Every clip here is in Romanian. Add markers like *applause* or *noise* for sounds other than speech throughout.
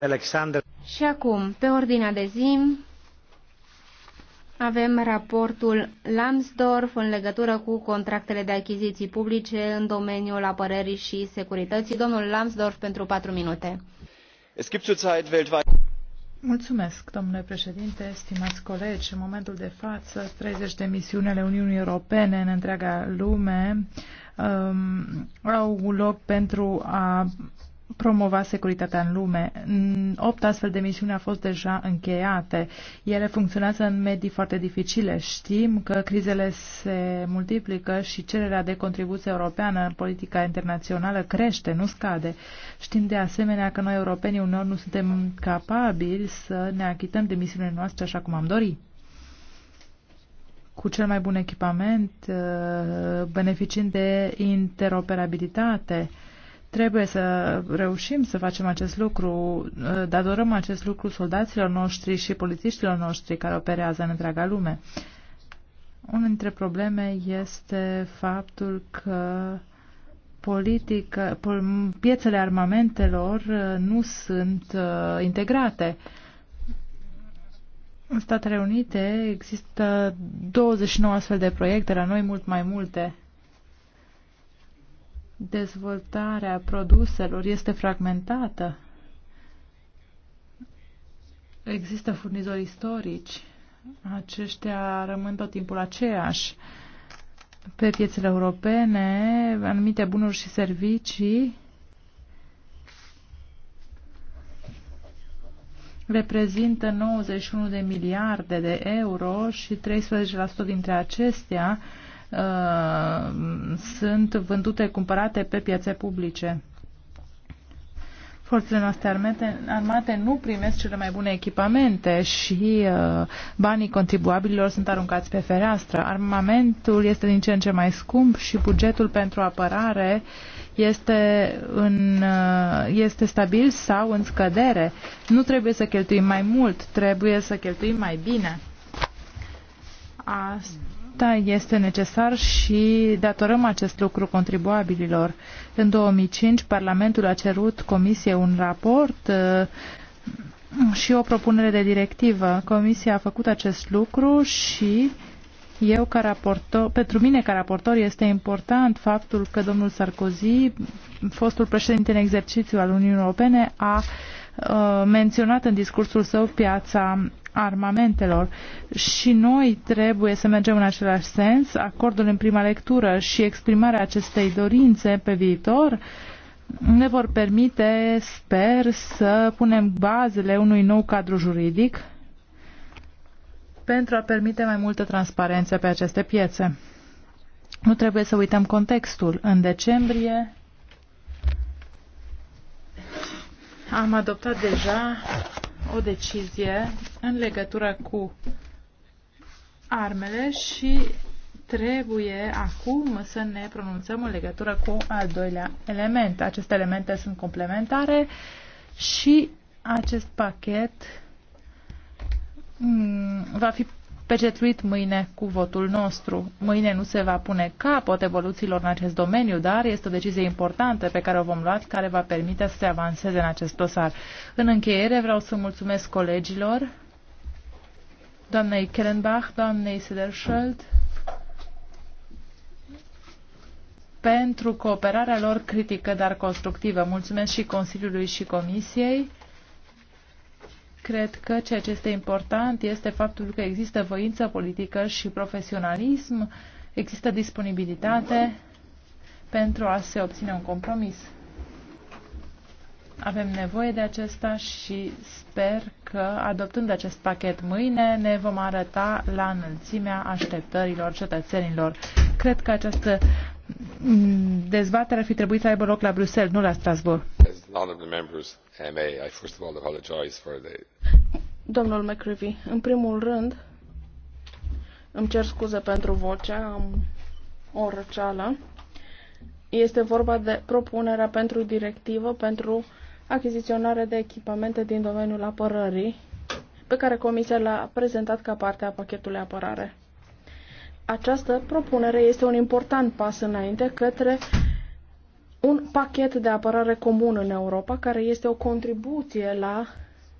Alexander. Și acum, pe ordinea de zi, avem raportul Lambsdorff în legătură cu contractele de achiziții publice în domeniul apărării și securității. Domnul Lambsdorff, pentru patru minute. Mulțumesc, domnule președinte, stimați colegi. În momentul de față, 30 de misiuni ale Uniunii Europene în întreaga lume um, au loc pentru a promova securitatea în lume. Opt astfel de misiuni au fost deja încheiate. Ele funcționează în medii foarte dificile. Știm că crizele se multiplică și cererea de contribuție europeană în politica internațională crește, nu scade. Știm de asemenea că noi europenii uneori nu suntem capabili să ne achităm de misiunile noastre așa cum am dorit cu cel mai bun echipament, uh, beneficiind de interoperabilitate Trebuie să reușim să facem acest lucru, uh, dar dorăm acest lucru soldaților noștri și polițiștilor noștri care operează în întreaga lume. Una dintre probleme este faptul că politică, piețele armamentelor uh, nu sunt uh, integrate. În Statele Unite există 29 astfel de proiecte, la noi mult mai multe dezvoltarea produselor este fragmentată. Există furnizori istorici. Aceștia rămân tot timpul aceiași. Pe piețele europene, anumite bunuri și servicii reprezintă 91 de miliarde de euro și 13% dintre acestea Uh, sunt vândute, cumpărate pe piațe publice. Forțele noastre armate, armate nu primesc cele mai bune echipamente și uh, banii contribuabililor sunt aruncați pe fereastră. Armamentul este din ce în ce mai scump și bugetul pentru apărare este, în, uh, este stabil sau în scădere. Nu trebuie să cheltuim mai mult, trebuie să cheltuim mai bine. Asta da, este necesar și datorăm acest lucru contribuabililor. În 2005, Parlamentul a cerut Comisiei un raport uh, și o propunere de directivă. Comisia a făcut acest lucru și eu ca raportor, pentru mine ca raportor este important faptul că domnul Sarkozy, fostul președinte în exercițiu al Uniunii Europene, a uh, menționat în discursul său piața armamentelor și noi trebuie să mergem în același sens. Acordul în prima lectură și exprimarea acestei dorințe pe viitor ne vor permite, sper, să punem bazele unui nou cadru juridic pentru a permite mai multă transparență pe aceste piețe. Nu trebuie să uităm contextul. În decembrie am adoptat deja o decizie în legătură cu armele și trebuie acum să ne pronunțăm în legătură cu al doilea element. Aceste elemente sunt complementare și acest pachet mm, va fi pecetluit mâine cu votul nostru. Mâine nu se va pune capăt evoluțiilor în acest domeniu, dar este o decizie importantă pe care o vom lua, care va permite să se avanseze în acest dosar. În încheiere vreau să mulțumesc colegilor, doamnei Kellenbach, doamnei Sederscheld, pentru cooperarea lor critică, dar constructivă. Mulțumesc și Consiliului și Comisiei. Cred că ceea ce este important este faptul că există voință politică și profesionalism, există disponibilitate pentru a se obține un compromis. Avem nevoie de acesta și sper că, adoptând acest pachet mâine, ne vom arăta la înălțimea așteptărilor cetățenilor. Cred că această dezbatere ar fi trebuit să aibă loc la Bruxelles, nu la Strasbourg. Domnule members în primul rând îmi cer scuze pentru voce, am o răceală. Este vorba de propunerea pentru directivă pentru achiziționare de echipamente din domeniul apărării, pe care Comisia l-a prezentat ca parte a pachetului apărare. Această propunere este un important pas înainte către un pachet de apărare comun în Europa, care este o contribuție la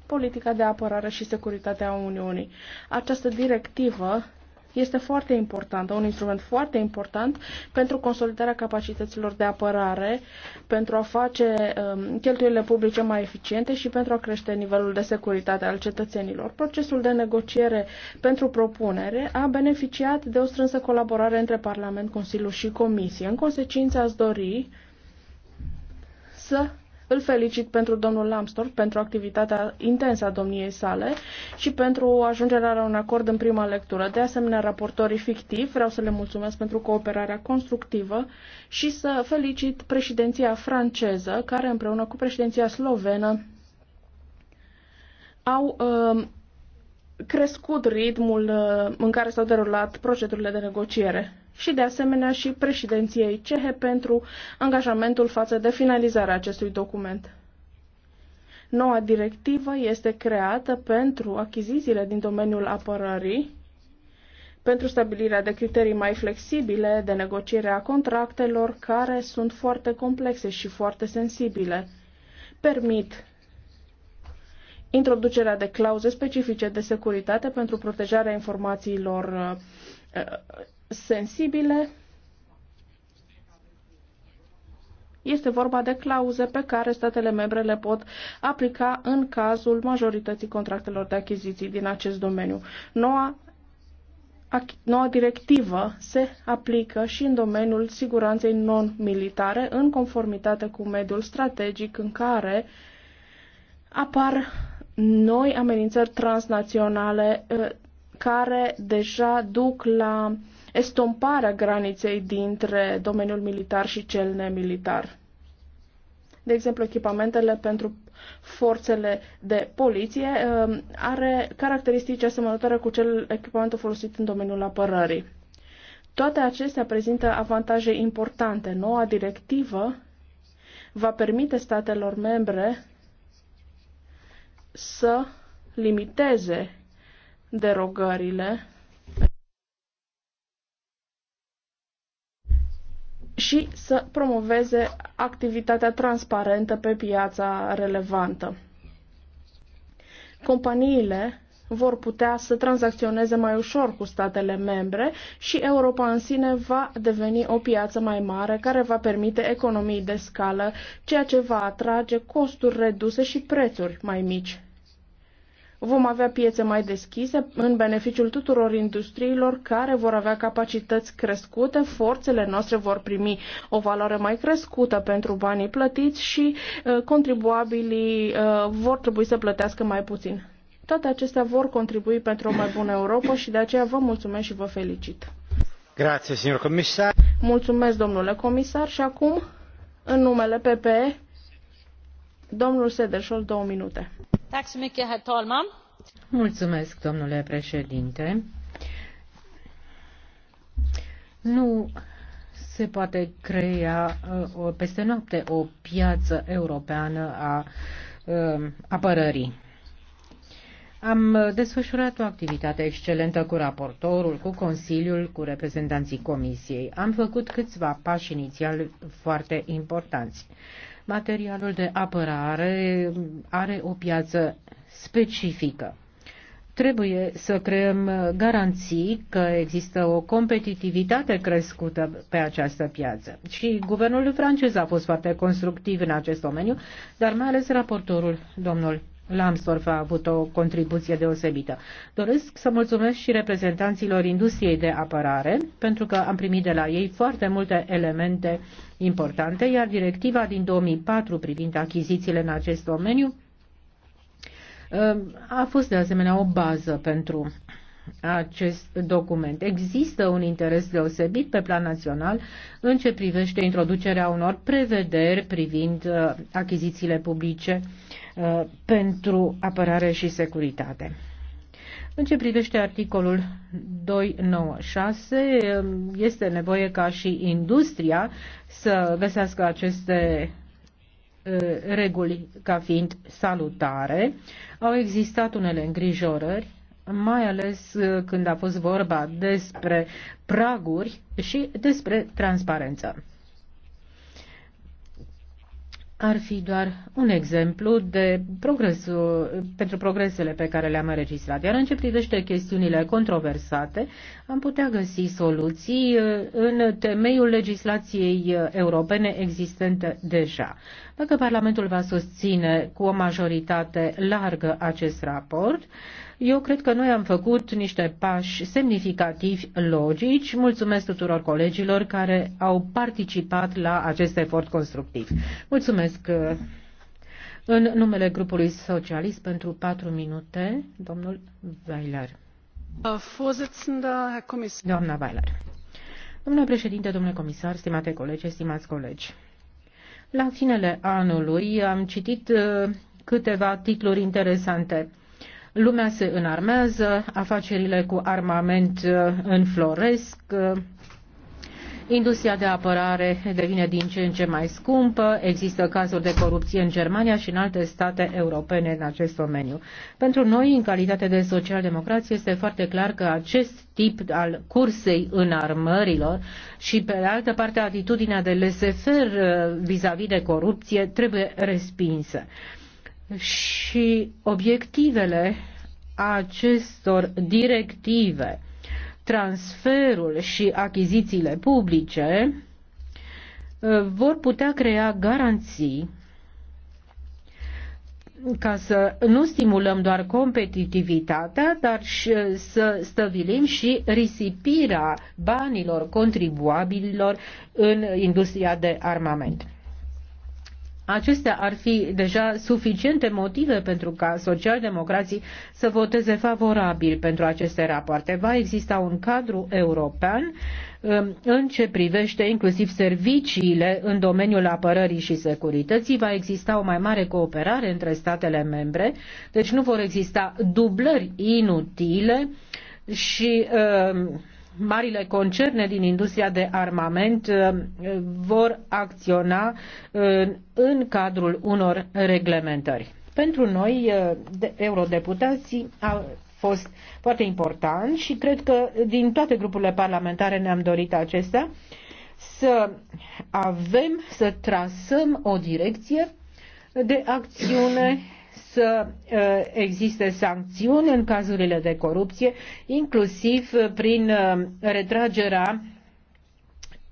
politica de apărare și securitate a Uniunii. Această directivă este foarte importantă, un instrument foarte important pentru consolidarea capacităților de apărare, pentru a face um, cheltuielile publice mai eficiente și pentru a crește nivelul de securitate al cetățenilor. Procesul de negociere pentru propunere a beneficiat de o strânsă colaborare între Parlament, Consiliu și Comisie. În consecință, ați dori să îl felicit pentru domnul Lambsdorff pentru activitatea intensă a domniei sale și pentru ajungerea la un acord în prima lectură. De asemenea, raportorii fictivi, vreau să le mulțumesc pentru cooperarea constructivă și să felicit președinția franceză, care împreună cu președinția slovenă au uh, crescut ritmul uh, în care s-au derulat procedurile de negociere și de asemenea și președinției cehe pentru angajamentul față de finalizarea acestui document. Noua directivă este creată pentru achizițiile din domeniul apărării, pentru stabilirea de criterii mai flexibile de negociere a contractelor care sunt foarte complexe și foarte sensibile. Permit introducerea de clauze specifice de securitate pentru protejarea informațiilor uh, uh, sensibile. Este vorba de clauze pe care statele membre le pot aplica în cazul majorității contractelor de achiziții din acest domeniu. Noua Noua directivă se aplică și în domeniul siguranței non-militare, în conformitate cu mediul strategic în care apar noi amenințări transnaționale eh, care deja duc la estomparea graniței dintre domeniul militar și cel nemilitar. De exemplu, echipamentele pentru forțele de poliție uh, are caracteristici asemănătoare cu cel echipamentul folosit în domeniul apărării. Toate acestea prezintă avantaje importante. Noua directivă va permite statelor membre să limiteze derogările și să promoveze activitatea transparentă pe piața relevantă. Companiile vor putea să tranzacționeze mai ușor cu statele membre și Europa în sine va deveni o piață mai mare care va permite economii de scală, ceea ce va atrage costuri reduse și prețuri mai mici. Vom avea piețe mai deschise în beneficiul tuturor industriilor care vor avea capacități crescute, forțele noastre vor primi o valoare mai crescută pentru banii plătiți și uh, contribuabilii uh, vor trebui să plătească mai puțin. Toate acestea vor contribui pentru o mai bună Europa și de aceea vă mulțumesc și vă felicit. Grazie, signor comisar. Mulțumesc, domnule comisar. Și acum, în numele PPE, domnul Sederșol, două minute. Mulțumesc, domnule președinte. Nu se poate crea uh, peste noapte o piață europeană a um, apărării. Am desfășurat o activitate excelentă cu raportorul, cu Consiliul, cu reprezentanții Comisiei. Am făcut câțiva pași inițiali foarte importanți. Materialul de apărare are o piață specifică. Trebuie să creăm garanții că există o competitivitate crescută pe această piață. Și guvernul francez a fost foarte constructiv în acest domeniu, dar mai ales raportorul, domnul Lambsdorff a avut o contribuție deosebită. Doresc să mulțumesc și reprezentanților industriei de apărare, pentru că am primit de la ei foarte multe elemente importante, iar directiva din 2004 privind achizițiile în acest domeniu um, a fost de asemenea o bază pentru acest document. Există un interes deosebit pe plan național în ce privește introducerea unor prevederi privind uh, achizițiile publice uh, Uh, pentru apărare și securitate. În ce privește articolul 296, um, este nevoie ca și industria să găsească aceste uh, reguli ca fiind salutare. Au existat unele îngrijorări, mai ales uh, când a fost vorba despre praguri și despre transparență ar fi doar un exemplu de progres pentru progresele pe care le-am înregistrat. Iar în ce privește chestiunile controversate, am putea găsi soluții uh, în temeiul legislației uh, europene existente deja. Dacă Parlamentul va susține cu o majoritate largă acest raport, eu cred că noi am făcut niște pași semnificativi logici. Mulțumesc tuturor colegilor care au participat la acest efort constructiv. Mulțumesc uh, în numele grupului socialist pentru patru minute, domnul Weiler. Uh, Doamna Weiler. Domnule președinte, domnule comisar, stimate colegi, stimați colegi. La finele anului am citit uh, câteva titluri interesante. Lumea se înarmează, afacerile cu armament uh, înfloresc, uh, Industria de apărare devine din ce în ce mai scumpă, există cazuri de corupție în Germania și în alte state europene în acest domeniu. Pentru noi, în calitate de socialdemocrație, este foarte clar că acest tip al cursei armărilor și, pe de altă parte, atitudinea de lesefer uh, vis-a-vis -vis de corupție trebuie respinsă. Și obiectivele acestor directive transferul și achizițiile publice uh, vor putea crea garanții ca să nu stimulăm doar competitivitatea, dar și uh, să stăvilim și risipirea banilor contribuabililor în industria de armament. Acestea ar fi deja suficiente motive pentru ca socialdemocrații să voteze favorabil pentru aceste rapoarte. Va exista un cadru european um, în ce privește inclusiv serviciile în domeniul apărării și securității, va exista o mai mare cooperare între statele membre, deci nu vor exista dublări inutile și uh, marile concerne din industria de armament uh, vor acționa uh, în cadrul unor reglementări. Pentru noi, uh, eurodeputații, a fost foarte important și cred că din toate grupurile parlamentare ne-am dorit acestea să avem, să trasăm o direcție de acțiune să uh, existe sancțiuni în cazurile de corupție, inclusiv prin uh, retragerea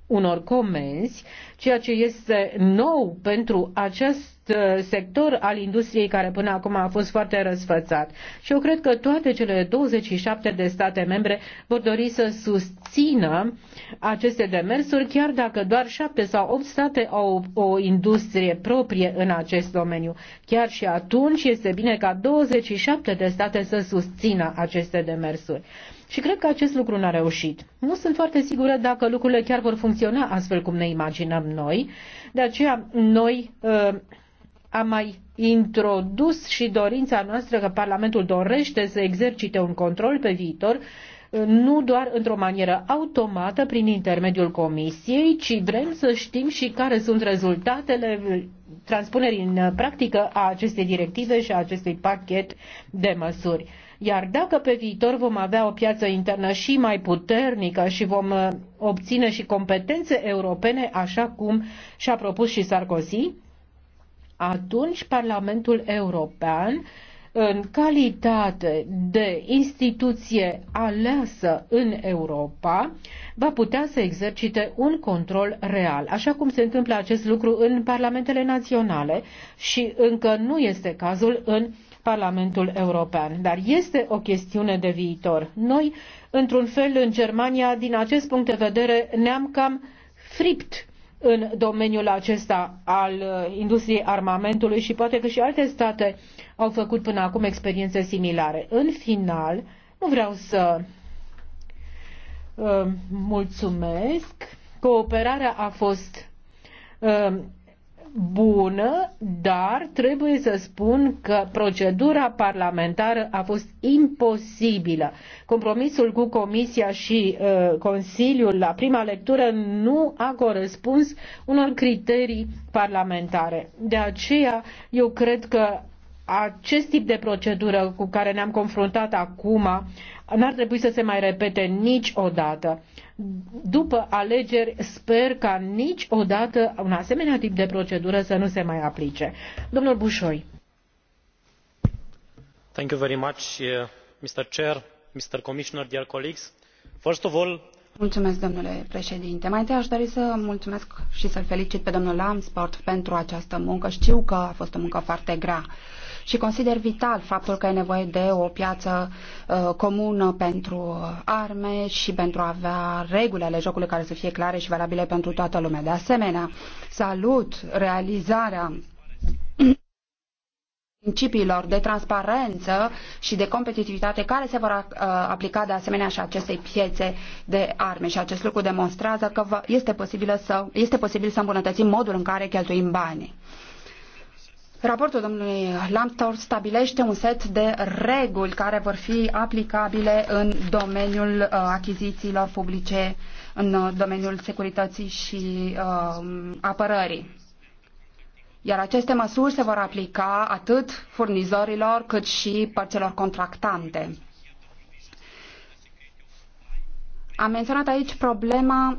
unor comenzi, ceea ce este nou pentru acest uh, sector al industriei care până acum a fost foarte răsfățat. Și eu cred că toate cele 27 de state membre vor dori să susțină aceste demersuri, chiar dacă doar 7 sau 8 state au o industrie proprie în acest domeniu. Chiar și atunci este bine ca 27 de state să susțină aceste demersuri. Și cred că acest lucru n-a reușit. Nu sunt foarte sigură dacă lucrurile chiar vor funcționa astfel cum ne imaginăm noi. De aceea, noi uh, am mai introdus și dorința noastră că Parlamentul dorește să exercite un control pe viitor, uh, nu doar într-o manieră automată prin intermediul comisiei, ci vrem să știm și care sunt rezultatele uh, transpunerii în uh, practică a acestei directive și a acestui pachet de măsuri. Iar dacă pe viitor vom avea o piață internă și mai puternică și vom uh, obține și competențe europene, așa cum și-a propus și Sarkozy, atunci Parlamentul European în calitate de instituție aleasă în Europa, va putea să exercite un control real, așa cum se întâmplă acest lucru în parlamentele naționale și încă nu este cazul în Parlamentul European. Dar este o chestiune de viitor. Noi, într-un fel, în Germania, din acest punct de vedere, ne-am cam fript în domeniul acesta al uh, industriei armamentului și poate că și alte state au făcut până acum experiențe similare. În final, nu vreau să uh, mulțumesc. Cooperarea a fost uh, bună, dar trebuie să spun că procedura parlamentară a fost imposibilă. Compromisul cu Comisia și uh, Consiliul la prima lectură nu a corespuns unor criterii parlamentare. De aceea, eu cred că acest tip de procedură cu care ne-am confruntat acum n-ar trebui să se mai repete niciodată. După alegeri sper ca niciodată un asemenea tip de procedură să nu se mai aplice. Domnul Bușoi. Thank you very much, uh, Mr. Chair, Mr. Commissioner, dear colleagues. First of all, Mulțumesc, domnule președinte. Mai întâi aș dori să mulțumesc și să-l felicit pe domnul Lamsport pentru această muncă. Știu că a fost o muncă foarte grea și consider vital faptul că e nevoie de o piață uh, comună pentru arme și pentru a avea reguli ale jocului care să fie clare și valabile pentru toată lumea. De asemenea, salut realizarea principiilor de transparență și de competitivitate care se vor uh, aplica de asemenea și acestei piețe de arme și acest lucru demonstrează că este posibil să, este posibil să îmbunătățim modul în care cheltuim banii. Raportul domnului Lambstor stabilește un set de reguli care vor fi aplicabile în domeniul uh, achizițiilor publice, în uh, domeniul securității și uh, apărării. Iar aceste măsuri se vor aplica atât furnizorilor cât și părților contractante. Am menționat aici problema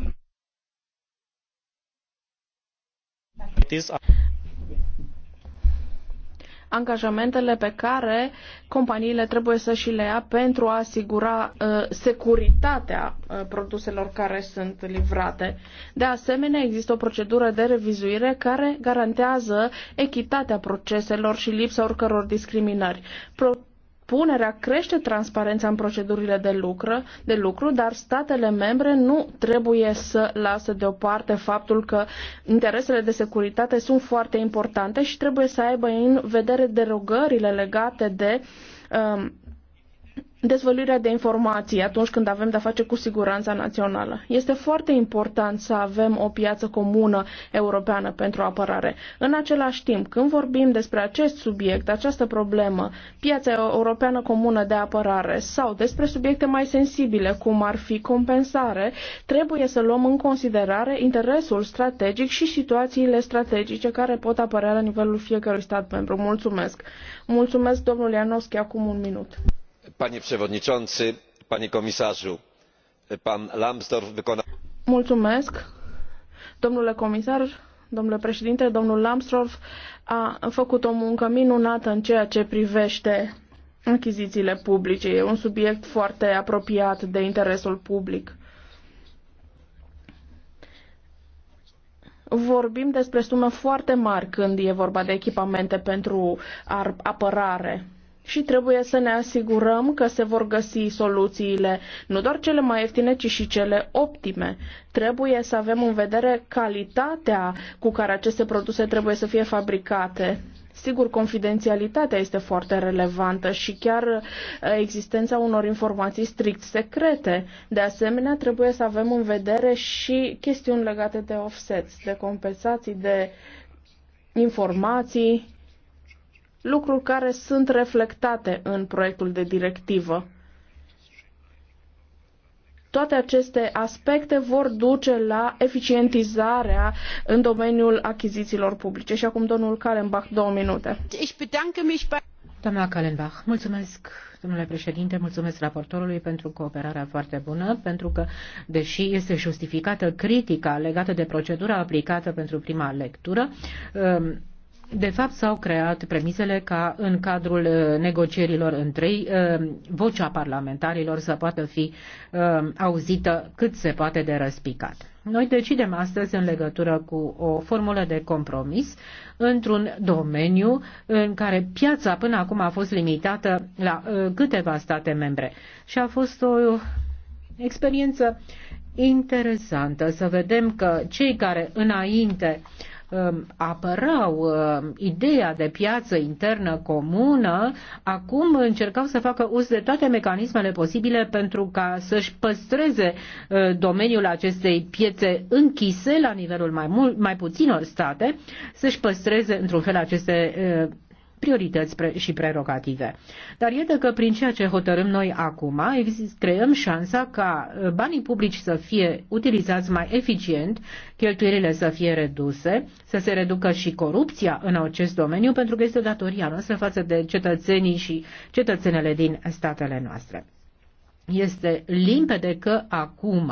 angajamentele pe care companiile trebuie să și le ia pentru a asigura uh, securitatea uh, produselor care sunt livrate. De asemenea, există o procedură de revizuire care garantează echitatea proceselor și lipsa oricăror discriminări. Pro- Punerea crește transparența în procedurile de lucru, de lucru, dar statele membre nu trebuie să lasă deoparte faptul că interesele de securitate sunt foarte importante și trebuie să aibă în vedere derogările legate de um, dezvăluirea de informații atunci când avem de-a face cu siguranța națională. Este foarte important să avem o piață comună europeană pentru apărare. În același timp, când vorbim despre acest subiect, această problemă, piața europeană comună de apărare sau despre subiecte mai sensibile, cum ar fi compensare, trebuie să luăm în considerare interesul strategic și situațiile strategice care pot apărea la nivelul fiecărui stat membru. Mulțumesc! Mulțumesc, domnule Ianoschi, acum un minut panie przewodniczący panie komisarzu! pan lambsdorff wykonał. domnule comisar domnule președinte domnul lambsdorff a făcut o muncă minunată în ceea ce privește achizițiile publice. E un subiect foarte apropiat de interesul public. Vorbim despre sume foarte mari când e vorba de echipamente pentru apărare și trebuie să ne asigurăm că se vor găsi soluțiile, nu doar cele mai ieftine, ci și cele optime. Trebuie să avem în vedere calitatea cu care aceste produse trebuie să fie fabricate. Sigur, confidențialitatea este foarte relevantă și chiar uh, existența unor informații strict secrete. De asemenea, trebuie să avem în vedere și chestiuni legate de offsets, de compensații, de informații lucruri care sunt reflectate în proiectul de directivă. Toate aceste aspecte vor duce la eficientizarea în domeniul achizițiilor publice. Și acum domnul Kalenbach, două minute. Doamna Kalenbach, mulțumesc Domnule președinte, mulțumesc raportorului pentru cooperarea foarte bună, pentru că, deși este justificată critica legată de procedura aplicată pentru prima lectură, um, de fapt, s-au creat premisele ca în cadrul uh, negocierilor întrei, uh, vocea parlamentarilor să poată fi uh, auzită cât se poate de răspicat. Noi decidem astăzi în legătură cu o formulă de compromis într-un domeniu în care piața până acum a fost limitată la câteva state membre și a fost o experiență interesantă să vedem că cei care înainte Um, apărau um, ideea de piață internă comună, acum încercau să facă uz de toate mecanismele posibile pentru ca să-și păstreze uh, domeniul acestei piețe închise la nivelul mai, mult, mai puținor state, să-și păstreze într-un fel aceste uh, priorități și prerogative. Dar iată că prin ceea ce hotărâm noi acum, creăm șansa ca uh, banii publici să fie utilizați mai eficient, cheltuielile să fie reduse, să se reducă și corupția în acest domeniu, pentru că este datoria noastră față de cetățenii și cetățenele din statele noastre. Este limpede că acum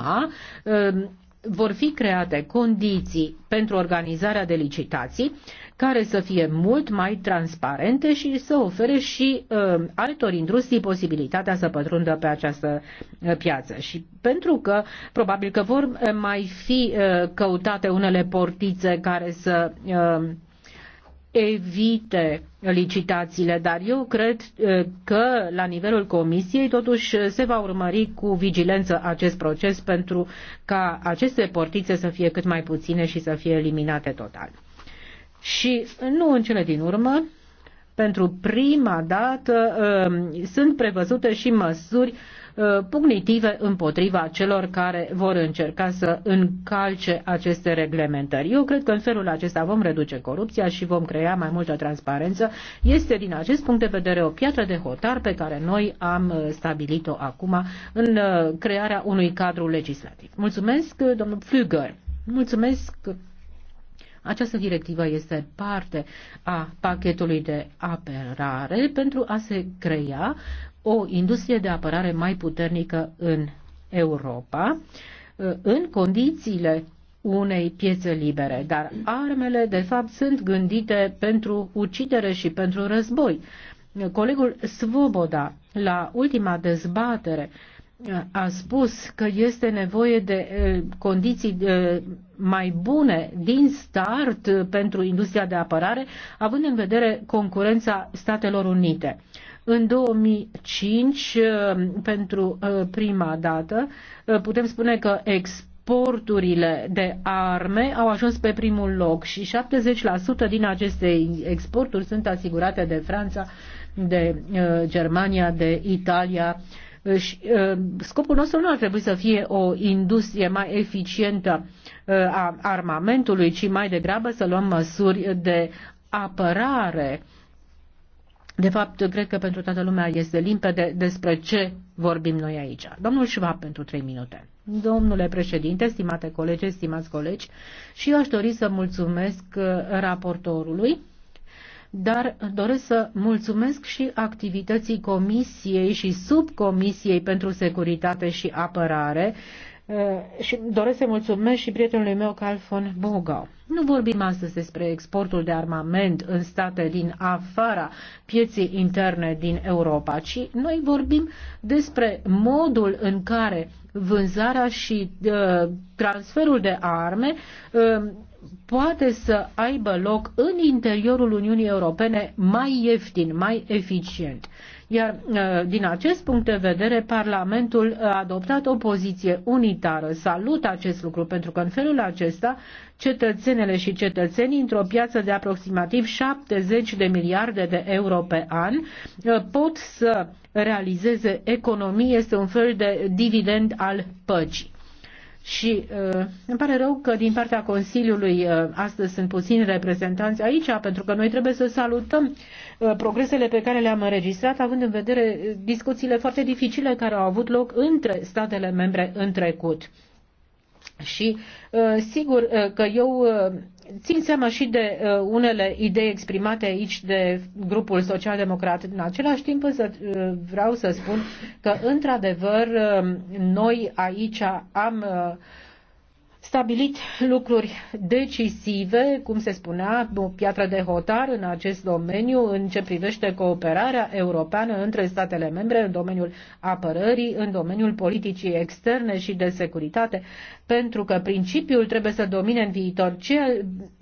uh, vor fi create condiții pentru organizarea de licitații care să fie mult mai transparente și să ofere și uh, altor industrii posibilitatea să pătrundă pe această uh, piață. Și pentru că probabil că vor uh, mai fi uh, căutate unele portițe care să uh, evite licitațiile, dar eu cred că la nivelul comisiei totuși se va urmări cu vigilență acest proces pentru ca aceste portițe să fie cât mai puține și să fie eliminate total. Și nu în cele din urmă, pentru prima dată sunt prevăzute și măsuri Uh, punitive împotriva celor care vor încerca să încalce aceste reglementări. Eu cred că în felul acesta vom reduce corupția și vom crea mai multă transparență. Este din acest punct de vedere o piatră de hotar pe care noi am uh, stabilit-o acum în uh, crearea unui cadru legislativ. Mulțumesc, domnul Flüger. Mulțumesc. Această directivă este parte a pachetului de apărare pentru a se crea o industrie de apărare mai puternică în Europa, uh, în condițiile unei piețe libere, dar armele, de fapt, sunt gândite pentru ucidere și pentru război. Colegul Svoboda, la ultima dezbatere, uh, a spus că este nevoie de condiții mai bune din start pentru industria de apărare, având în vedere concurența Statelor Unite. În 2005, pentru prima dată, putem spune că exporturile de arme au ajuns pe primul loc și 70% din aceste exporturi sunt asigurate de Franța, de Germania, de Italia, și uh, scopul nostru nu ar trebui să fie o industrie mai eficientă uh, a armamentului, ci mai degrabă să luăm măsuri de apărare. De fapt, cred că pentru toată lumea este limpede despre ce vorbim noi aici. Domnul Schwab, pentru trei minute. Domnule președinte, stimate colegi, stimați colegi, și eu aș dori să mulțumesc uh, raportorului dar doresc să mulțumesc și activității Comisiei și Subcomisiei pentru Securitate și Apărare uh, și doresc să mulțumesc și prietenului meu, Carl von Bogau. Nu vorbim astăzi despre exportul de armament în state din afara pieței interne din Europa, ci noi vorbim despre modul în care vânzarea și uh, transferul de arme uh, poate să aibă loc în interiorul Uniunii Europene mai ieftin, mai eficient. Iar uh, din acest punct de vedere, Parlamentul a adoptat o poziție unitară. Salut acest lucru, pentru că în felul acesta cetățenele și cetățenii într-o piață de aproximativ 70 de miliarde de euro pe an uh, pot să realizeze economii. Este un fel de dividend al păcii. Și uh, îmi pare rău că din partea Consiliului uh, astăzi sunt puțini reprezentanți aici, pentru că noi trebuie să salutăm uh, progresele pe care le-am înregistrat, având în vedere uh, discuțiile foarte dificile care au avut loc între statele membre în trecut. Și uh, sigur uh, că eu uh, țin seama și de uh, unele idei exprimate aici de grupul social-democrat. În același timp însă uh, vreau să spun că, într-adevăr, uh, noi aici am uh, stabilit lucruri decisive, cum se spunea, o piatră de hotar în acest domeniu, în ce privește cooperarea europeană între statele membre în domeniul apărării, în domeniul politicii externe și de securitate, pentru că principiul trebuie să domine în viitor. Ceea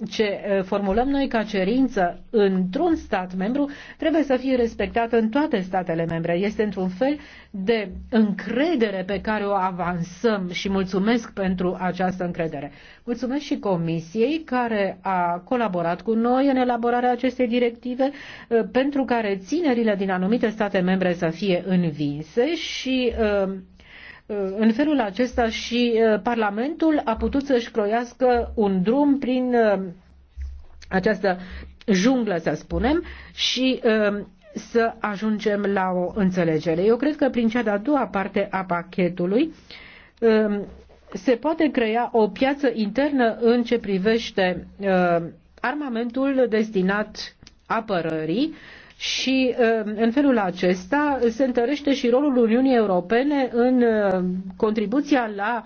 ce eh, formulăm noi ca cerință într-un stat membru trebuie să fie respectat în toate statele membre. Este într-un fel de încredere pe care o avansăm și mulțumesc pentru această încredere. Mulțumesc și Comisiei care a colaborat cu noi în elaborarea acestei directive uh, pentru care ținerile din anumite state membre să fie învinse și uh, uh, în felul acesta și Parlamentul a putut să-și croiască un drum prin această junglă, să spunem, și să ajungem la o înțelegere. Eu cred că prin cea de-a doua parte a pachetului um, se poate crea o piață internă în ce privește um, armamentul destinat apărării și um, în felul acesta se întărește și rolul Uniunii Europene în contribuția la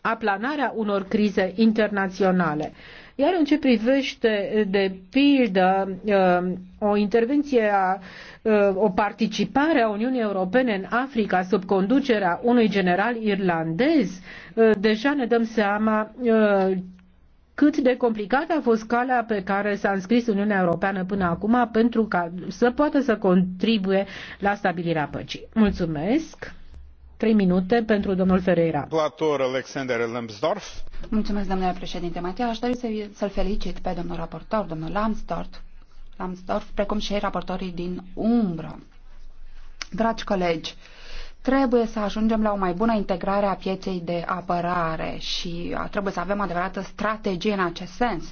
aplanarea unor crize internaționale. Iar în ce privește, de pildă, um, o intervenție, a, uh, o participare a Uniunii Europene în Africa sub conducerea unui general irlandez, uh, deja ne dăm seama uh, cât de complicată a fost calea pe care s-a înscris Uniunea Europeană până acum pentru ca să poată să contribuie la stabilirea păcii. Mulțumesc! Trei minute pentru domnul Ferreira. Plator Alexander Lambsdorff. Mulțumesc, domnule președinte Matia. Aș dori să-l să felicit pe domnul raportor, domnul Lambsdorff, Lambsdorff, precum și raportorii din umbră. Dragi colegi, Trebuie să ajungem la o mai bună integrare a pieței de apărare și trebuie să avem adevărată strategie în acest sens.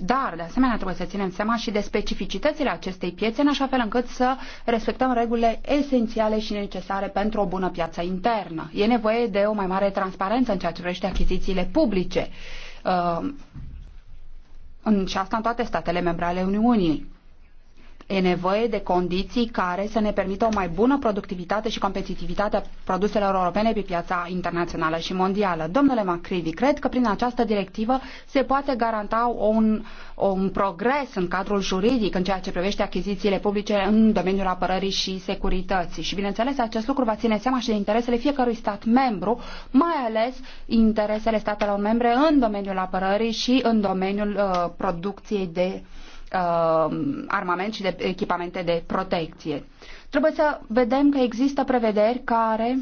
Dar, de asemenea, trebuie să ținem seama și de specificitățile acestei piețe, în așa fel încât să respectăm regulile esențiale și necesare pentru o bună piață internă. E nevoie de o mai mare transparență în ceea ce privește achizițiile publice. Uh, în, și asta în toate statele membre ale Uniunii. E nevoie de condiții care să ne permită o mai bună productivitate și competitivitate a produselor europene pe piața internațională și mondială. Domnule Macrivi, cred că prin această directivă se poate garanta un, un progres în cadrul juridic în ceea ce privește achizițiile publice în domeniul apărării și securității. Și bineînțeles, acest lucru va ține seama și de interesele fiecărui stat membru, mai ales interesele statelor membre în domeniul apărării și în domeniul uh, producției de uh, uh, armament și de echipamente de protecție. Trebuie să vedem că există prevederi care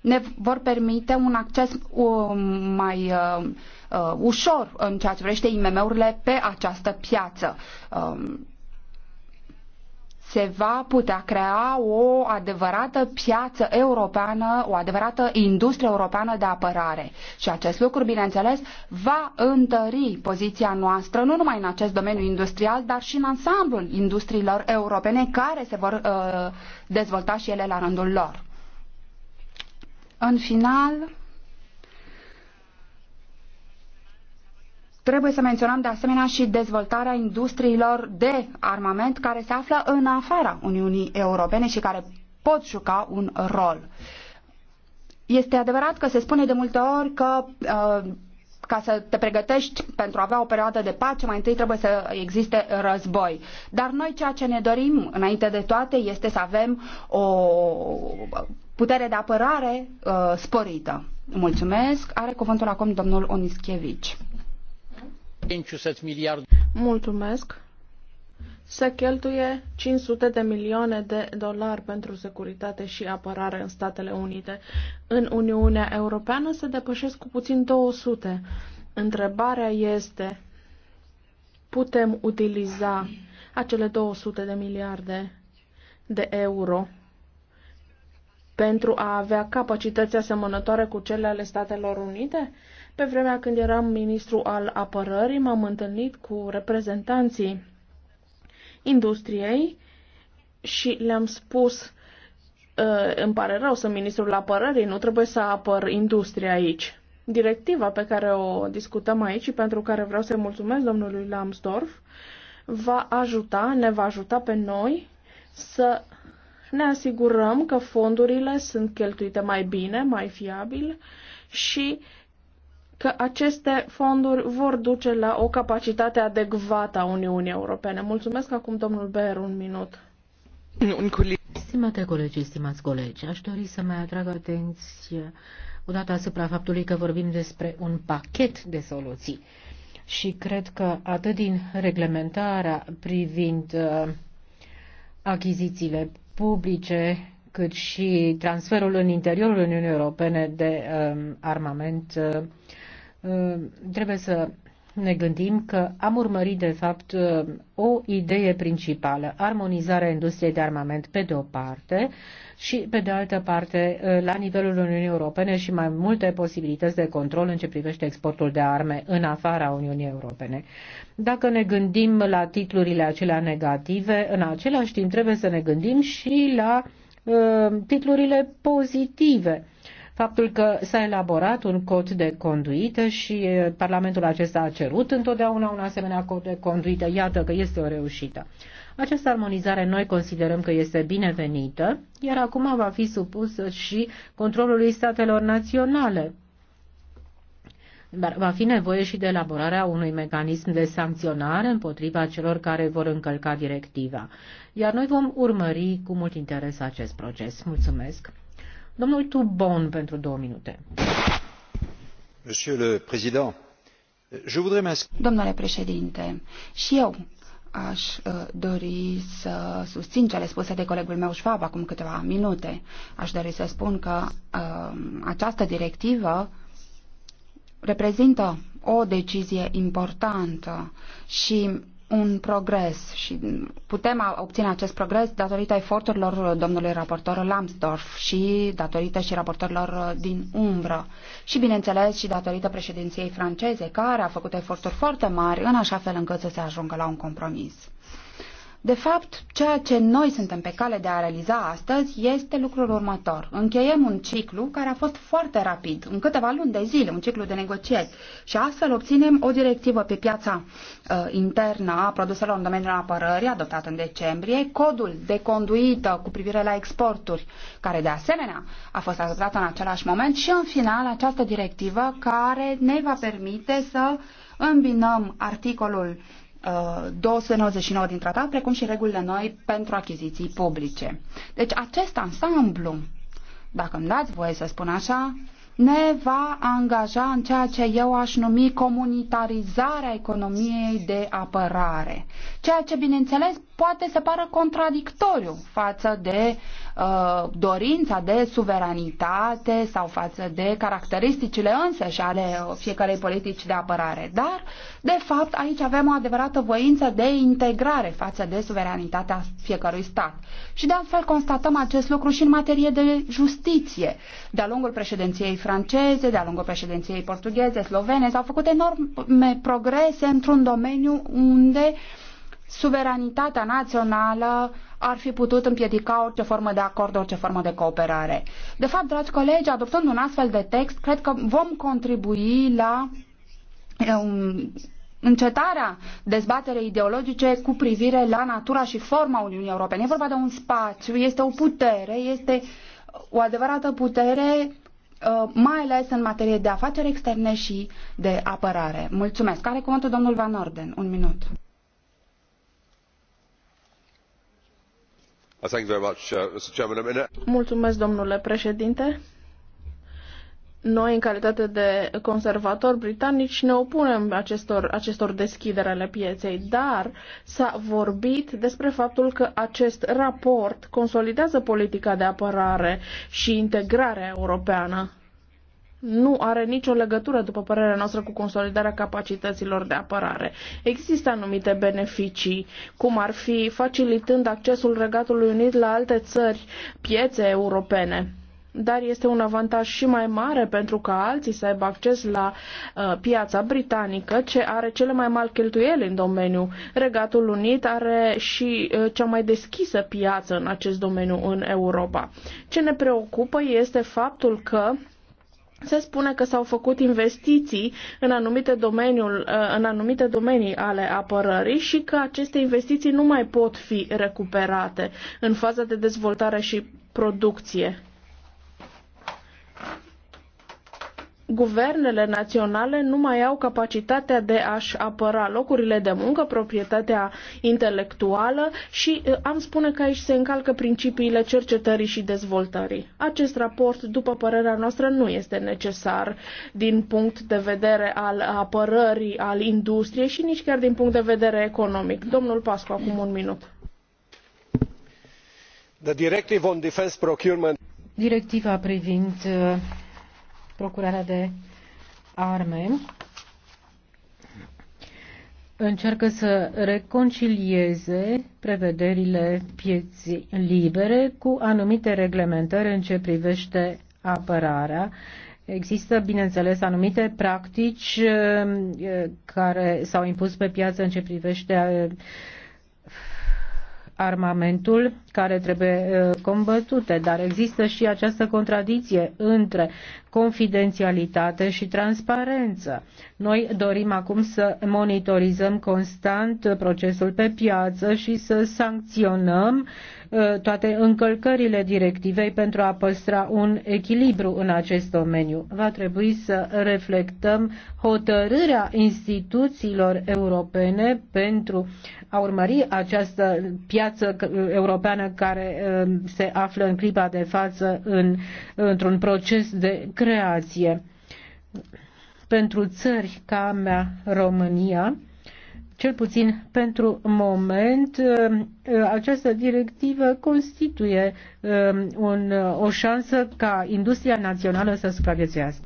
ne vor permite un acces uh, mai uh, uh, ușor în ceea ce vrește IMM-urile pe această piață. Uh, se va putea crea o adevărată piață europeană, o adevărată industrie europeană de apărare. Și acest lucru, bineînțeles, va întări poziția noastră, nu numai în acest domeniu industrial, dar și în ansamblul industriilor europene care se vor uh, dezvolta și ele la rândul lor. În final, Trebuie să menționăm de asemenea și dezvoltarea industriilor de armament care se află în afara Uniunii Europene și care pot juca un rol. Este adevărat că se spune de multe ori că uh, ca să te pregătești pentru a avea o perioadă de pace, mai întâi trebuie să existe război. Dar noi ceea ce ne dorim, înainte de toate, este să avem o putere de apărare uh, sporită. Mulțumesc. Are cuvântul acum domnul Onischievici. Mulțumesc. Se cheltuie 500 de milioane de dolari pentru securitate și apărare în Statele Unite. În Uniunea Europeană se depășesc cu puțin 200. Întrebarea este, putem utiliza acele 200 de miliarde de euro pentru a avea capacități asemănătoare cu cele ale Statelor Unite? Pe vremea când eram ministru al apărării, m-am întâlnit cu reprezentanții industriei și le-am spus uh, îmi pare rău, sunt ministrul apărării, nu trebuie să apăr industria aici. Directiva pe care o discutăm aici și pentru care vreau să-i mulțumesc domnului Lambsdorff va ajuta, ne va ajuta pe noi să ne asigurăm că fondurile sunt cheltuite mai bine, mai fiabil și că aceste fonduri vor duce la o capacitate adecvată a Uniunii Europene. Mulțumesc acum, domnul Ber, un minut. Stimate colegi, stimați colegi, aș dori să mai atrag atenția odată asupra faptului că vorbim despre un pachet de soluții. Și cred că atât din reglementarea privind uh, achizițiile publice, cât și transferul în interiorul Uniunii Europene de um, armament uh, Ă, trebuie să ne gândim că am urmărit, de fapt, o idee principală, armonizarea industriei de armament pe de o parte și, pe de altă parte, ă, la nivelul Uniunii Europene și mai multe posibilități de control în ce privește exportul de arme în afara Uniunii Europene. Dacă ne gândim la titlurile acelea negative, în același timp trebuie să ne gândim și la uh, titlurile pozitive. Uh, faptul că s-a elaborat un cod de conduită și Parlamentul acesta a cerut întotdeauna un asemenea cod de conduită. Iată că este o reușită. Această armonizare noi considerăm că este binevenită, iar acum va fi supusă și controlului statelor naționale. Dar va fi nevoie și de elaborarea unui mecanism de sancționare împotriva celor care vor încălca directiva. Iar noi vom urmări cu mult interes acest proces. Mulțumesc! Domnul pentru două minute. Domnule președinte, și eu aș uh, dori să susțin cele spuse de colegul meu Schwab acum câteva minute. Aș dori să spun că uh, această directivă reprezintă o decizie importantă și un progres și putem obține acest progres datorită eforturilor domnului raportor Lambsdorff și datorită și raportorilor din umbră și, bineînțeles, și datorită președinției franceze, care a făcut eforturi foarte mari în așa fel încât să se ajungă la un compromis. De fapt, ceea ce noi suntem pe cale de a realiza astăzi este lucrul următor. Încheiem un ciclu care a fost foarte rapid, în câteva luni de zile, un ciclu de negocieri și astfel obținem o directivă pe piața uh, internă a produselor în domeniul apărării, adoptată în decembrie, codul de conduită cu privire la exporturi, care de asemenea a fost adoptată în același moment și în final această directivă care ne va permite să îmbinăm articolul uh, 299 uh, din tratat, precum și regulile noi pentru achiziții publice. Deci acest ansamblu, dacă îmi dați voie să spun așa, ne va angaja în ceea ce eu aș numi comunitarizarea economiei de apărare. Ceea ce, bineînțeles, poate să pară contradictoriu față de Uh, dorința de suveranitate sau față de caracteristicile însăși ale fiecarei politici de apărare. Dar, de fapt, aici avem o adevărată voință de integrare față de suveranitatea fiecărui stat. Și de altfel constatăm acest lucru și în materie de justiție. De-a lungul președinției franceze, de-a lungul președinției portugheze, slovene, s-au făcut enorme progrese într-un domeniu unde uh, suveranitatea națională ar fi putut împiedica orice formă de acord, orice formă de cooperare. De fapt, dragi colegi, adoptând un astfel de text, cred că vom contribui la um, încetarea dezbaterei ideologice cu privire la natura și forma Uniunii Europene. E vorba de un spațiu, este o putere, este o adevărată putere, uh, mai ales în materie de afaceri externe și de apărare. Mulțumesc. Care cuvântul domnul Van Orden? Un minut. Uh, uh, Mulțumesc, domnule președinte. Noi, în calitate de conservatori britanici, ne opunem acestor, acestor deschidere ale pieței, dar s-a vorbit despre faptul că acest raport consolidează politica de apărare și integrare europeană nu are nicio legătură, după părerea noastră, cu consolidarea capacităților de apărare. Există anumite beneficii, cum ar fi facilitând accesul Regatului Unit la alte țări, piețe europene dar este un avantaj și mai mare pentru ca alții să aibă acces la uh, piața britanică, ce are cele mai mari cheltuieli în domeniu. Regatul Unit are și uh, cea mai deschisă piață în acest domeniu în Europa. Ce ne preocupă este faptul că se spune că s-au făcut investiții în anumite, domeniul, uh, în anumite domenii ale apărării și că aceste investiții nu mai pot fi recuperate în faza de dezvoltare și producție. guvernele naționale nu mai au capacitatea de a-și apăra locurile de muncă, proprietatea intelectuală și uh, am spune că aici se încalcă principiile cercetării și dezvoltării. Acest raport, după părerea noastră, nu este necesar din punct de vedere al apărării, al industriei și nici chiar din punct de vedere economic. Domnul Pascu, acum un minut. The directive on defense procurement. Directiva privind uh, procurarea de arme încearcă să reconcilieze prevederile pieții libere cu anumite reglementări în ce privește apărarea. Există, bineînțeles, anumite practici eh, care s-au impus pe piață în ce privește eh, armamentul care trebuie uh, combătute, dar există și această contradicție între confidențialitate și transparență. Noi dorim acum să monitorizăm constant procesul pe piață și să sancționăm uh, Uh, toate încălcările directivei pentru a păstra un echilibru în acest domeniu. Va trebui să reflectăm hotărârea instituțiilor europene pentru a urmări această piață uh, europeană care uh, se află în clipa de față în, într-un proces de creație. Pentru țări ca mea, România, cel puțin pentru moment, um, uh, această directivă constituie um, un, uh, o șansă ca industria națională să supraviețuiască.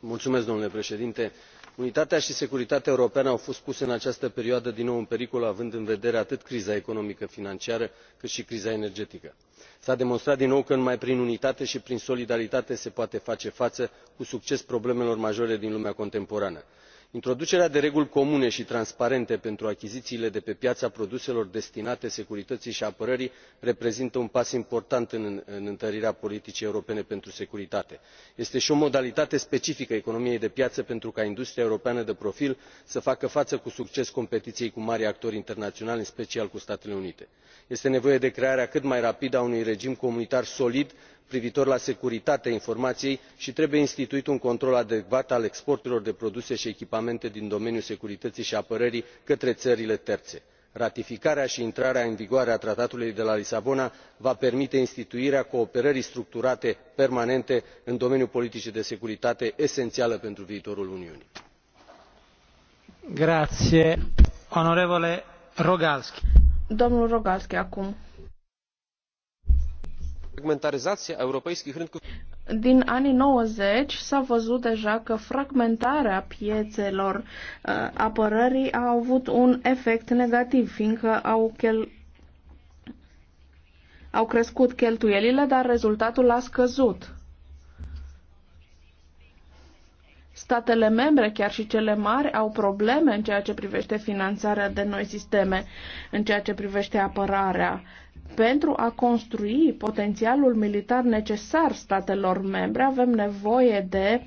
Mulțumesc, domnule președinte unitatea și securitatea europeană au fost puse în această perioadă din nou în pericol având în vedere atât criza economică financiară cât și criza energetică. s a demonstrat din nou că numai prin unitate și prin solidaritate se poate face față cu succes problemelor majore din lumea contemporană introducerea de reguli comune și transparente pentru achizițiile de pe piața produselor destinate securității și apărării reprezintă un pas important în întărirea politicii europene pentru securitate. este și o modalitate specifică economiei de piață pentru ca industria europeană de profil să facă față cu succes competiției cu marii actori internaționali în special cu statele unite. este nevoie de crearea cât mai rapidă a unui regim comunitar solid privitor la securitatea informaiei i trebuie instituit un control adecvat al exporturilor de produse i echipamente din domeniul securităii i apărării către ările tere. ratificarea i intrarea în vigoare a tratatului de la lisabona va permite instituirea cooperării structurate permanente în domeniul politicii de securitate esenială pentru viitorul uniunii. rogalski acum. Din anii 90 s-a văzut deja că fragmentarea piețelor uh, apărării a avut un efect negativ, fiindcă au cheltuit au crescut cheltuielile, dar rezultatul a scăzut. Statele membre, chiar și cele mari, au probleme în ceea ce privește finanțarea de noi sisteme, în ceea ce privește apărarea. Pentru a construi potențialul militar necesar statelor membre, avem nevoie de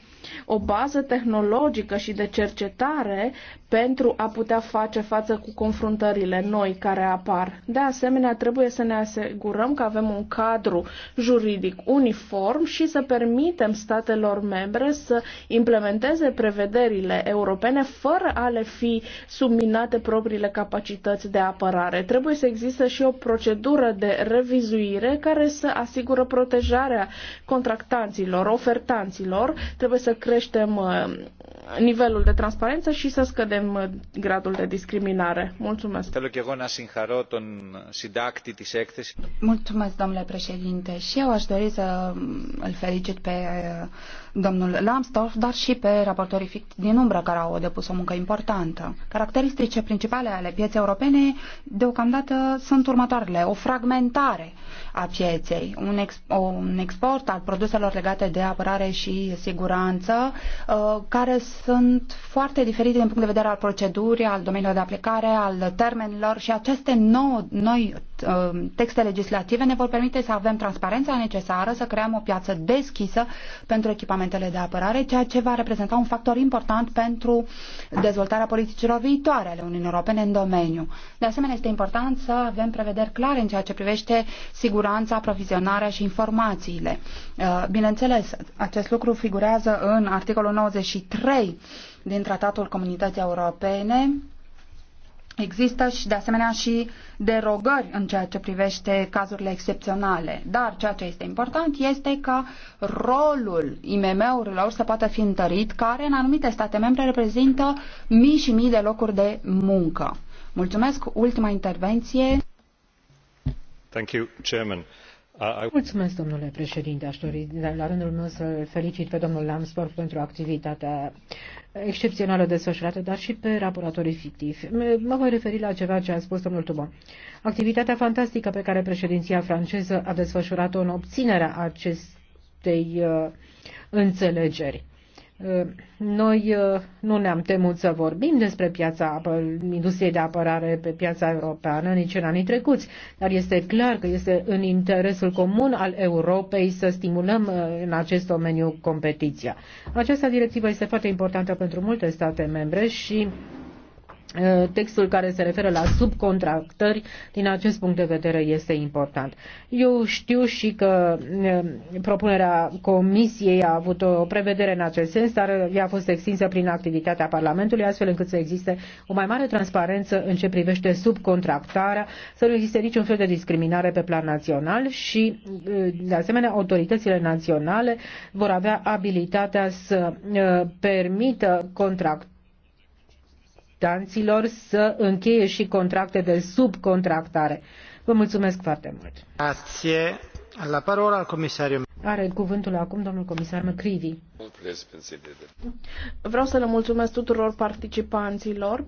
o bază tehnologică și de cercetare pentru a putea face față cu confruntările noi care apar. De asemenea, trebuie să ne asigurăm că avem un cadru juridic uniform și să permitem statelor membre să implementeze prevederile europene fără a le fi subminate propriile capacități de apărare. Trebuie să existe și o procedură procedură de revizuire care să asigură protejarea contractanților, ofertanților. Trebuie să creștem uh, nivelul de transparență și să scădem uh, gradul de discriminare. Mulțumesc. Mulțumesc, domnule președinte. Și eu aș dori să mm, îl felicit pe uh, domnul Lambsdorff, dar și pe raportorii din umbră care au depus o muncă importantă. Caracteristice principale ale pieței europene deocamdată sunt următoarele. O fragmentare a pieței, un, ex, un export al produselor legate de apărare și siguranță, uh, care sunt foarte diferite din punct de vedere al procedurii, al domeniului de aplicare, al termenilor și aceste nou, noi uh, texte legislative ne vor permite să avem transparența necesară, să creăm o piață deschisă pentru echipamentele de apărare, ceea ce va reprezenta un factor important pentru dezvoltarea politicilor viitoare ale Uniunii Europene în domeniu. De asemenea, este important să avem prevederi clare în ceea ce privește siguranța, aprovizionarea și informațiile. Uh, bineînțeles, acest lucru figurează în articolul 93 din Tratatul Comunității Europene. Există și, de asemenea, și derogări în ceea ce privește cazurile excepționale. Dar ceea ce este important este ca rolul IMM-urilor să poată fi întărit, care în anumite state membre reprezintă mii și mii de locuri de muncă. Mulțumesc. Ultima intervenție. Uh, Mulțumesc, domnule președinte. Aș dori la rândul meu să îl felicit pe domnul Lambsdorff pentru activitatea excepțională desfășurată, dar și pe raportorii fictivi. Mă voi referi la ceva ce a spus domnul Tuban. Activitatea fantastică pe care președinția franceză a desfășurat-o în obținerea acestei uh, înțelegeri. Noi uh, nu ne-am temut să vorbim despre piața industriei de apărare pe piața europeană nici în anii trecuți, dar este clar că este în interesul comun al Europei să stimulăm uh, în acest domeniu competiția. Această directivă este foarte importantă pentru multe state membre și Uh, textul care se referă la subcontractări, din acest punct de vedere, este important. Eu știu și că uh, propunerea Comisiei a avut o prevedere în acest sens, dar ea a fost extinsă prin activitatea Parlamentului, astfel încât să existe o mai mare transparență în ce privește subcontractarea, să nu existe niciun fel de discriminare pe plan național și, uh, de asemenea, autoritățile naționale vor avea abilitatea să permită contract contractanților să încheie și contracte de subcontractare. Vă mulțumesc foarte mult. Grazie. La parola al Are cuvântul acum domnul comisar Măcrivi. Vreau să le mulțumesc tuturor participanților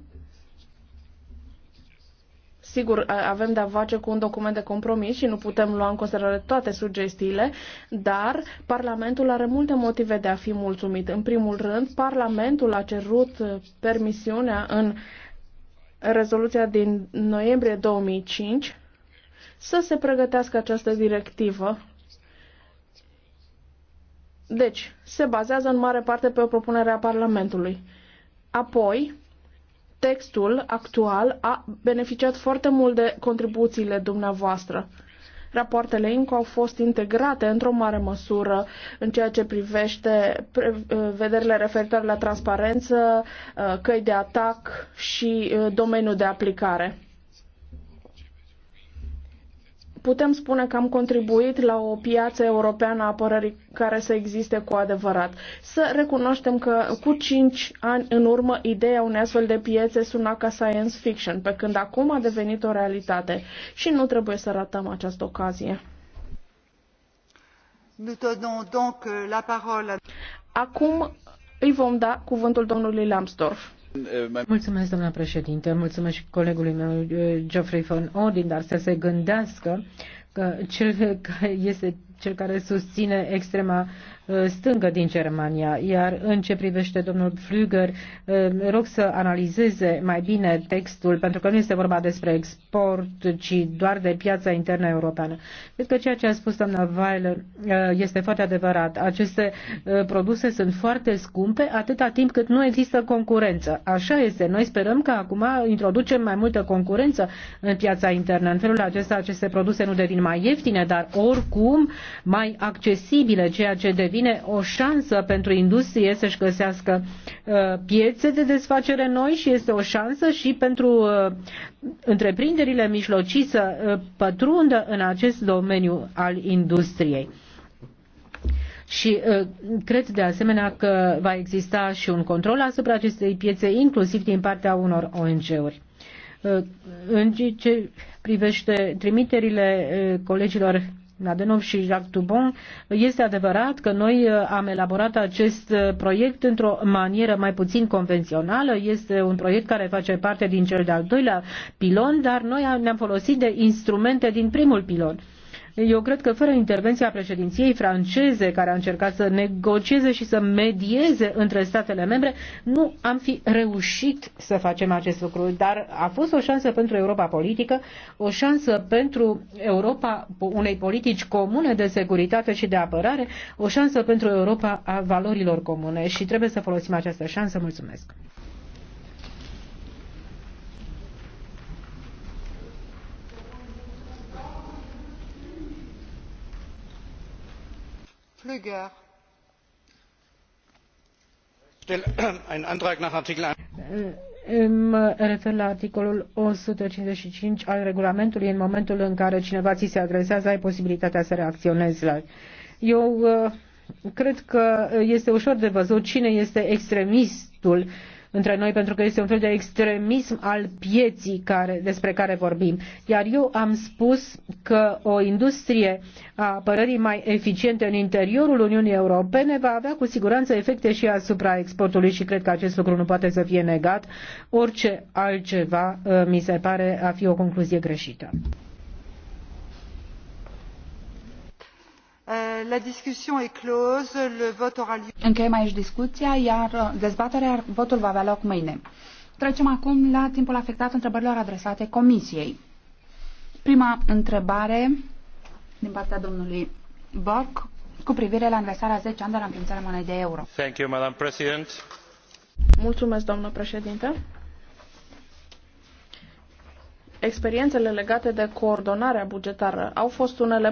Sigur, avem de-a face cu un document de compromis și nu putem lua în considerare toate sugestiile, dar Parlamentul are multe motive de a fi mulțumit. În primul rând, Parlamentul a cerut uh, permisiunea în rezoluția din noiembrie 2005 să se pregătească această directivă deci, se bazează în mare parte pe o propunere a Parlamentului. Apoi, textul actual a beneficiat foarte mult de contribuțiile dumneavoastră. Rapoartele INCO au fost integrate într-o mare măsură în ceea ce privește uh, vederile referitoare la transparență, uh, căi de atac și uh, domeniul de aplicare putem spune că am contribuit la o piață europeană a apărării care să existe cu adevărat. Să recunoaștem că cu 5 ani în urmă ideea unei astfel de piețe suna ca science fiction, pe când acum a devenit o realitate și nu trebuie să ratăm această ocazie. Euh, acum îi vom da cuvântul domnului Lambsdorff. Mulțumesc, doamna președinte, mulțumesc și colegului meu, Geoffrey von Odin, dar să se gândească că cel *laughs* care este cel care susține extrema Uh, stângă din Germania. Iar în ce privește domnul Flüger, uh, rog să analizeze mai bine textul, pentru că nu este vorba despre export, ci doar de piața internă europeană. Cred că ceea ce a spus doamna Weiler uh, este foarte adevărat. Aceste produse sunt foarte scumpe atâta timp cât nu există concurență. Așa este. Noi sperăm că acum introducem mai multă concurență în piața internă. În felul acesta aceste produse nu devin mai ieftine, dar oricum mai accesibile, ceea ce devine devine o șansă pentru industrie să-și găsească uh, piețe de desfacere noi și este o șansă și pentru uh, întreprinderile mijlocii să uh, pătrundă în acest domeniu al industriei. Și cred de asemenea că va exista și un control asupra acestei piețe, inclusiv din partea unor ONG-uri. În ce privește trimiterile colegilor Adenov și Jacques Toubon, este adevărat că noi uh, am elaborat acest uh, proiect într-o manieră mai puțin convențională. Este un proiect care face parte din cel de-al doilea pilon, dar noi ne-am folosit de instrumente din primul pilon. Eu cred că fără intervenția președinției franceze, care a încercat să negocieze și să medieze între statele membre, nu am fi reușit să facem acest lucru. Dar a fost o șansă pentru Europa politică, o șansă pentru Europa unei politici comune de securitate și de apărare, o șansă pentru Europa a valorilor comune și trebuie să folosim această șansă. Mulțumesc! mă refer la articolul o sută cincizeci și cinci al regulamentului în momentul în care cineva ți se adresează ai posibilitatea să reacționezi la eu cred că este ușor de văzut cine este extremistul între noi pentru că este un fel de extremism al pieții care, despre care vorbim. Iar eu am spus că o industrie a apărării mai eficiente în interiorul Uniunii Europene va avea cu siguranță efecte și asupra exportului și cred că acest lucru nu poate să fie negat. Orice altceva uh, mi se pare a fi o concluzie greșită. La discussion est close. Le vote aura lieu. Încheiem aici discuția, iar uh, dezbaterea, votul va avea loc mâine. Trecem acum la timpul afectat întrebărilor adresate Comisiei. Prima întrebare din partea domnului Boc, cu privire la aniversarea 10 ani de la înființarea monedei euro. Thank you, Madam President. Mulțumesc, doamnă președinte. Experiențele legate de coordonarea bugetară au fost unele